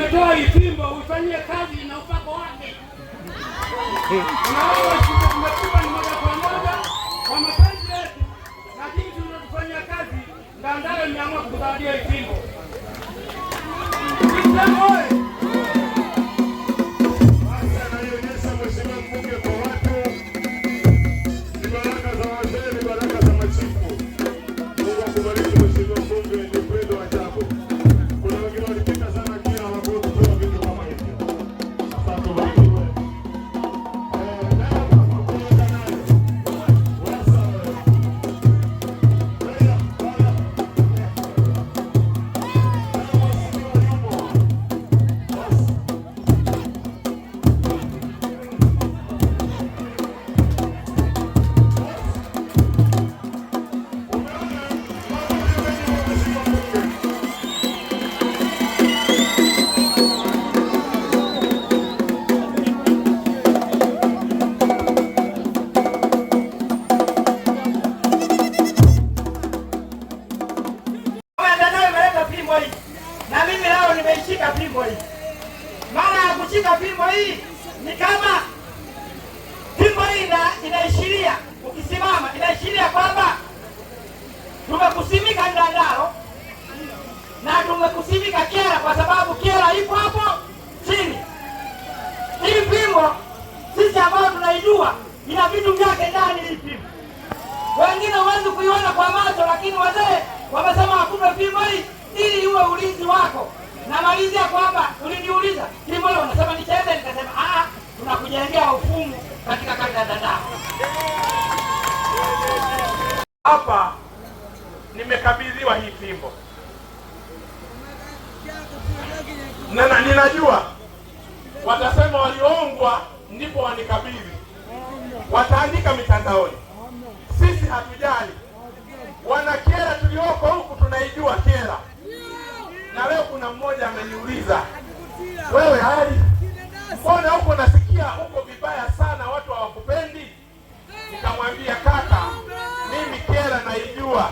Umetoa ifimbo uifanyie kazi na upako wake. Unaona tumekuwa ni moja kwa moja kwa mapenzi yetu, lakini tunatufanyia kazi Ndandale, niamua kutuzawadia ifimbo fimbo hii, na mimi leo nimeishika fimbo hii. Maana ya kushika fimbo hii ni kama fimbo hii inaishiria, ukisimama inaishiria kwamba tumekusimika Ndandaro na tumekusimika Kyela, kwa sababu Kyela ipo hapo chini. Hii fimbo sisi ambayo tunaijua ina vitu vyake ndani. Hii fimbo wengine huwezi kuiona kwa macho, lakini wazee wamesema wakupe fimbo hii uwe ulinzi wako. Namalizia kwamba uliniuliza Kimbole, unasema nicheze, nikasema ah, ah, tunakujengea ufumu katika kanda dada. Hapa nimekabidhiwa hii fimbo na ninajua watasema waliongwa, ndipo wanikabidhi, wataandika mitandaoni. Sisi hatujali, wana tulioko huku tunaijua kera na leo kuna mmoja ameniuliza, wewe hali mbona huko nasikia huko vibaya sana, watu hawakupendi? Nikamwambia kaka, mimi kera naijua,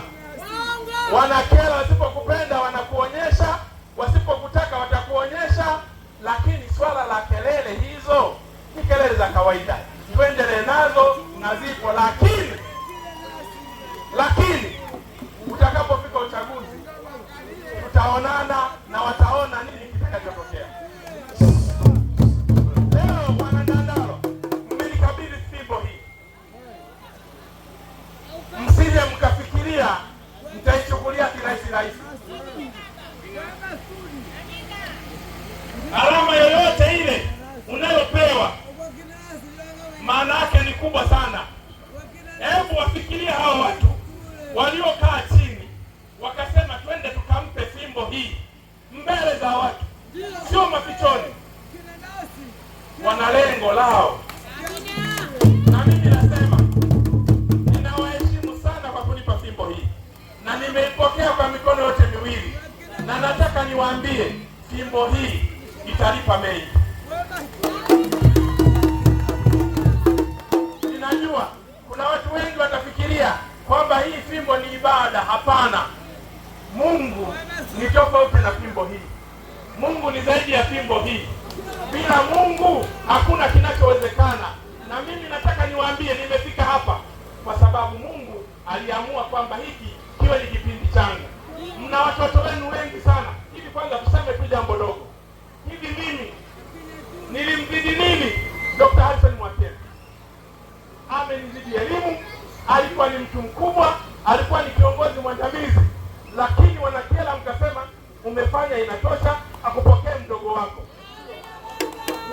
wana wasipokupenda wanakuonyesha, wasipokutaka watakuonyesha, lakini swala la kelele hizo ni kelele za kawaida, tuendelee nazo na zipo, lakini tutaonana na wataona nini kitakachotokea. mkafikiria mtaichukulia kirahisi rahisi. Alama yoyote ile unayopewa maana yake ni kubwa sana. Hebu wafikirie hao watu waliokaa miko hii mbele za watu, sio mafichoni. Wana lengo lao, na mimi nasema ninawaheshimu sana kwa kunipa fimbo hii, na nimeipokea kwa mikono yote miwili, na nataka niwaambie fimbo hii italipa mengi. Ninajua kuna watu wengi watafikiria kwamba hii fimbo ni ibada. Hapana. Mungu ni tofauti na fimbo hii. Mungu ni zaidi ya fimbo hii. Bila Mungu hakuna kinachowezekana. Na mimi nataka niwaambie, nimefika hapa kwa sababu Mungu aliamua kwamba hiki kiwe ni kipindi changu. Mna watoto wenu wengi sana hivi. Kwanza tuseme tu jambo dogo hivi, mimi nilimzidi nini? Dr. Hassan Mwakyembe amenizidi elimu, alikuwa ni mtu mkubwa lakini wanakiela mkasema umefanya inatosha, akupokee mdogo wako.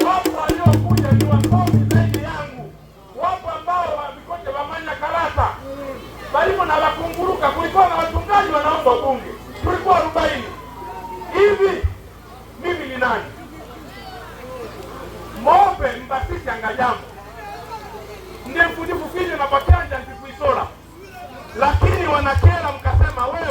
Wapo waliokuja ni wasomi zaidi yangu, wapo ambao wavikoja wamanya na Karata balimo na wakunguruka, kulikuwa na wachungaji wanaomba bunge, tulikuwa arobaini hivi. Mimi ni nani? Mombe Mbasisi Angajambo ndiye mkujifu kinyo na Bakanja lakini wanakela mkasema we